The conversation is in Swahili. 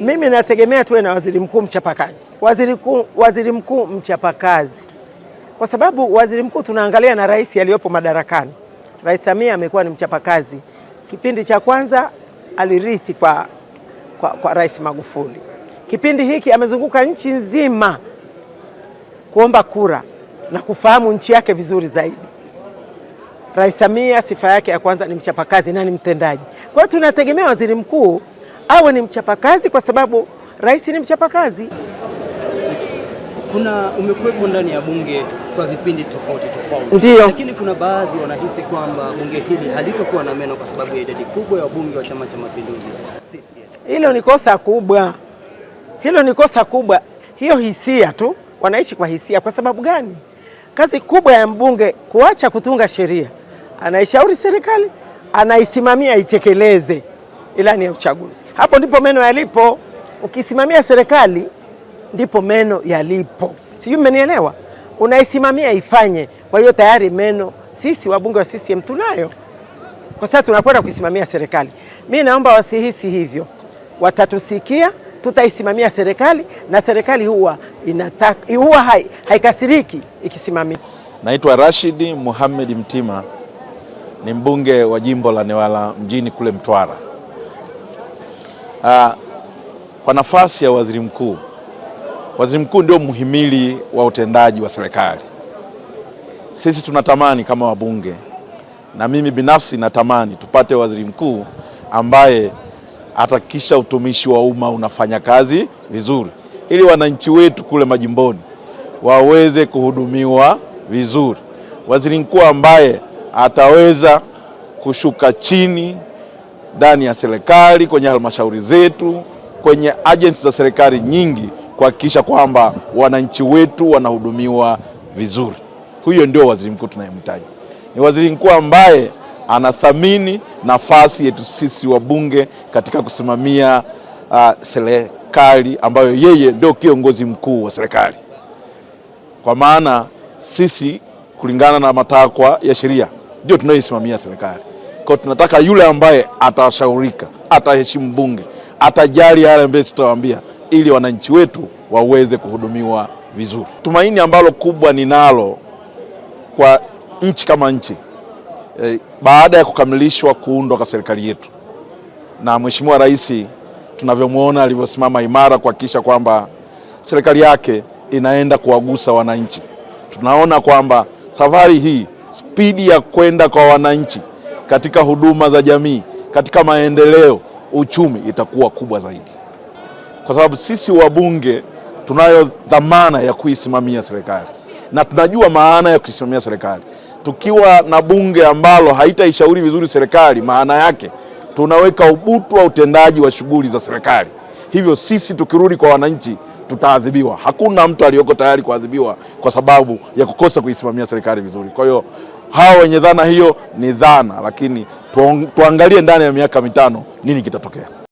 Mimi nategemea tuwe na waziri mkuu mchapakazi, waziri mkuu, waziri mkuu mchapakazi, kwa sababu waziri mkuu tunaangalia na rais aliyopo madarakani. Rais Samia amekuwa ni mchapakazi. Kipindi cha kwanza alirithi kwa, kwa, kwa Rais Magufuli. Kipindi hiki amezunguka nchi nzima kuomba kura na kufahamu nchi yake vizuri zaidi. Rais Samia sifa yake ya kwanza ni mchapakazi na ni mtendaji. Kwa hiyo tunategemea waziri mkuu awe ni mchapakazi, kwa sababu rais ni mchapakazi. Kuna umekuwepo ndani ya bunge kwa vipindi tofauti tofauti, ndio, lakini kuna baadhi wanahisi kwamba bunge hili halitokuwa na meno kwa sababu ya idadi kubwa ya wabunge wa Chama cha Mapinduzi. Hilo ni kosa kubwa, hilo ni kosa kubwa. Hiyo hisia tu, wanaishi kwa hisia. Kwa sababu gani? Kazi kubwa ya mbunge kuacha kutunga sheria, anaishauri serikali, anaisimamia itekeleze ilani ya uchaguzi. Hapo ndipo meno yalipo. Ukisimamia serikali ndipo meno yalipo, sijui mmenielewa. Unaisimamia ifanye. Kwa hiyo tayari meno sisi wabunge wa CCM tunayo kwa sababu tunakwenda kuisimamia serikali. Mi naomba wasihisi hivyo, watatusikia. Tutaisimamia serikali na serikali huwa inataka, huwa hai, haikasiriki ikisimamia. Naitwa Rashidi Muhammad Mtima, ni mbunge wa jimbo la Newala mjini kule Mtwara. Ah, kwa nafasi ya waziri mkuu, waziri mkuu ndio muhimili wa utendaji wa serikali. Sisi tunatamani kama wabunge na mimi binafsi natamani tupate waziri mkuu ambaye atahakikisha utumishi wa umma unafanya kazi vizuri, ili wananchi wetu kule majimboni waweze kuhudumiwa vizuri, waziri mkuu ambaye ataweza kushuka chini ndani ya serikali, kwenye halmashauri zetu, kwenye agency za serikali nyingi, kuhakikisha kwamba wananchi wetu wanahudumiwa vizuri. Huyo ndio waziri mkuu tunayemhitaji. Ni waziri mkuu ambaye anathamini nafasi yetu sisi wabunge katika kusimamia uh, serikali ambayo yeye ndio kiongozi mkuu wa serikali, kwa maana sisi kulingana na matakwa ya sheria ndio tunayoisimamia serikali. Kwa tunataka yule ambaye atashaurika, ataheshimu bunge, atajali yale ambayo tutawaambia, ili wananchi wetu waweze kuhudumiwa vizuri. Tumaini ambalo kubwa ninalo kwa nchi kama nchi e, baada ya kukamilishwa kuundwa kwa serikali yetu na Mheshimiwa Rais tunavyomwona alivyosimama imara kuhakikisha kwamba serikali yake inaenda kuwagusa wananchi, tunaona kwamba safari hii spidi ya kwenda kwa wananchi katika huduma za jamii, katika maendeleo, uchumi itakuwa kubwa zaidi, kwa sababu sisi wabunge tunayo dhamana ya kuisimamia serikali na tunajua maana ya kuisimamia serikali. Tukiwa na bunge ambalo haitaishauri vizuri serikali, maana yake tunaweka ubutu wa utendaji wa shughuli za serikali. Hivyo sisi tukirudi kwa wananchi tutaadhibiwa. Hakuna mtu aliyoko tayari kuadhibiwa kwa, kwa sababu ya kukosa kuisimamia serikali vizuri. Kwa hiyo hawa wenye dhana hiyo ni dhana, lakini tuangalie ndani ya miaka mitano nini kitatokea.